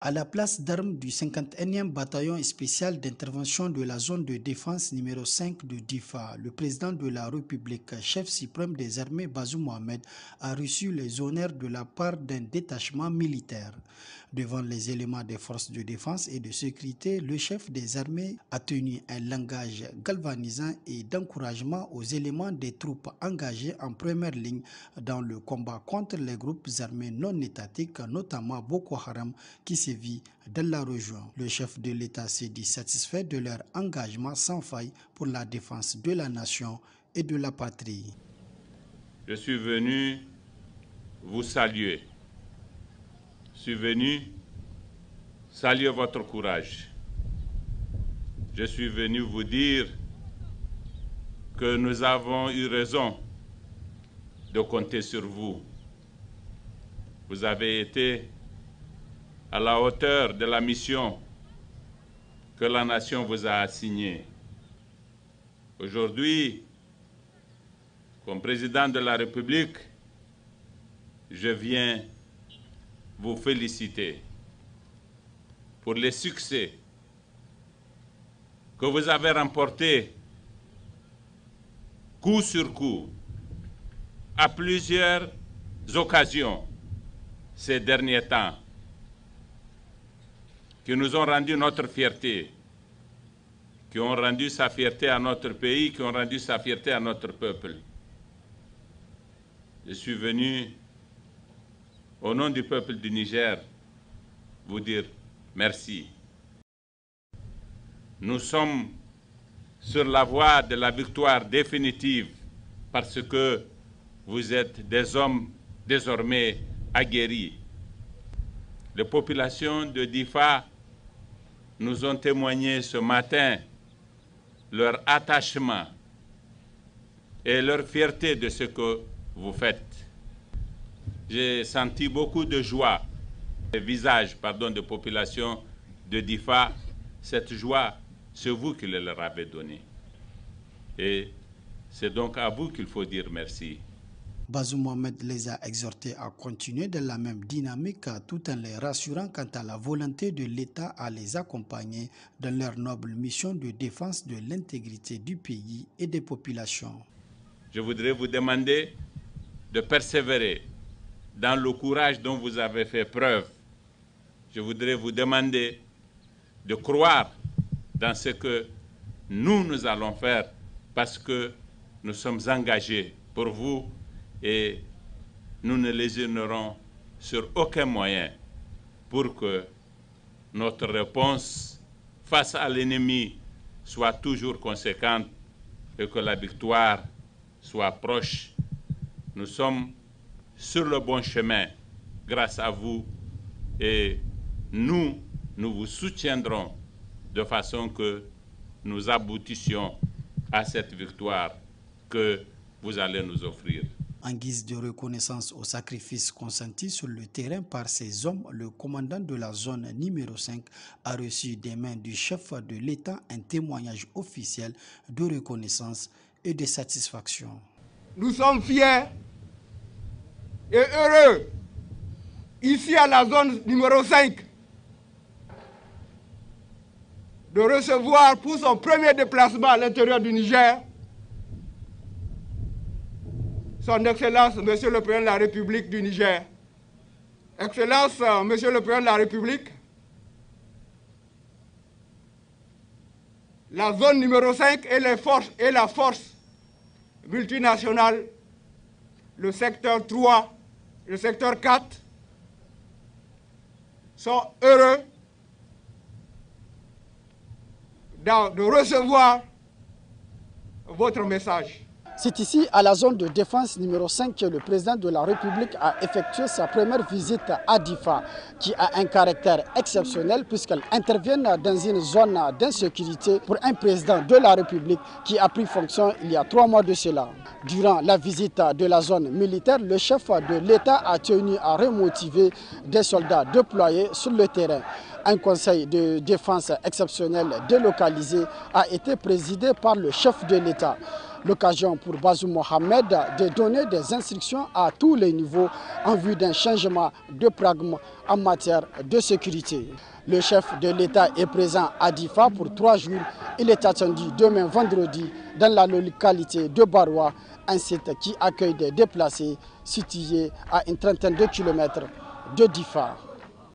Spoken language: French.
à la place d'armes du 51e bataillon spécial d'intervention de la zone de défense numéro 5 de Difa, le président de la République, chef suprême des armées Bazou Mohamed, a reçu les honneurs de la part d'un détachement militaire. Devant les éléments des forces de défense et de sécurité, le chef des armées a tenu un langage galvanisant et d'encouragement aux éléments des troupes engagées en première ligne dans le combat contre les groupes armés non étatiques, notamment Boko Haram, qui vie de la région. Le chef de l'État s'est dit satisfait de leur engagement sans faille pour la défense de la nation et de la patrie. Je suis venu vous saluer. Je suis venu saluer votre courage. Je suis venu vous dire que nous avons eu raison de compter sur vous. Vous avez été à la hauteur de la mission que la nation vous a assignée. Aujourd'hui, comme président de la République, je viens vous féliciter pour les succès que vous avez remportés coup sur coup à plusieurs occasions ces derniers temps qui nous ont rendu notre fierté, qui ont rendu sa fierté à notre pays, qui ont rendu sa fierté à notre peuple. Je suis venu au nom du peuple du Niger vous dire merci. Nous sommes sur la voie de la victoire définitive parce que vous êtes des hommes désormais aguerris. Les populations de Difa nous ont témoigné ce matin leur attachement et leur fierté de ce que vous faites. J'ai senti beaucoup de joie, les visages pardon, de population de DIFA. Cette joie, c'est vous qui le leur avez donnée. Et c'est donc à vous qu'il faut dire merci. Bazou Mohamed les a exhortés à continuer de la même dynamique tout en les rassurant quant à la volonté de l'État à les accompagner dans leur noble mission de défense de l'intégrité du pays et des populations. Je voudrais vous demander de persévérer dans le courage dont vous avez fait preuve. Je voudrais vous demander de croire dans ce que nous, nous allons faire parce que nous sommes engagés pour vous et nous ne lésinerons sur aucun moyen pour que notre réponse face à l'ennemi soit toujours conséquente et que la victoire soit proche. Nous sommes sur le bon chemin grâce à vous et nous, nous vous soutiendrons de façon que nous aboutissions à cette victoire que vous allez nous offrir. En guise de reconnaissance au sacrifice consenti sur le terrain par ces hommes, le commandant de la zone numéro 5 a reçu des mains du chef de l'État un témoignage officiel de reconnaissance et de satisfaction. Nous sommes fiers et heureux ici à la zone numéro 5 de recevoir pour son premier déplacement à l'intérieur du Niger son Excellence, Monsieur le Président de la République du Niger. Excellence, euh, Monsieur le Président de la République, la zone numéro 5 et les forces, la force multinationale, le secteur 3, le secteur 4 sont heureux de recevoir votre message. C'est ici, à la zone de défense numéro 5, que le président de la République a effectué sa première visite à Difa, qui a un caractère exceptionnel puisqu'elle intervient dans une zone d'insécurité pour un président de la République qui a pris fonction il y a trois mois de cela. Durant la visite de la zone militaire, le chef de l'État a tenu à remotiver des soldats déployés sur le terrain. Un conseil de défense exceptionnel délocalisé a été présidé par le chef de l'État. L'occasion pour Bazoum Mohamed de donner des instructions à tous les niveaux en vue d'un changement de pragme en matière de sécurité. Le chef de l'État est présent à Difa pour trois jours. Il est attendu demain vendredi dans la localité de Barwa, un site qui accueille des déplacés situés à une trentaine de kilomètres de Difa.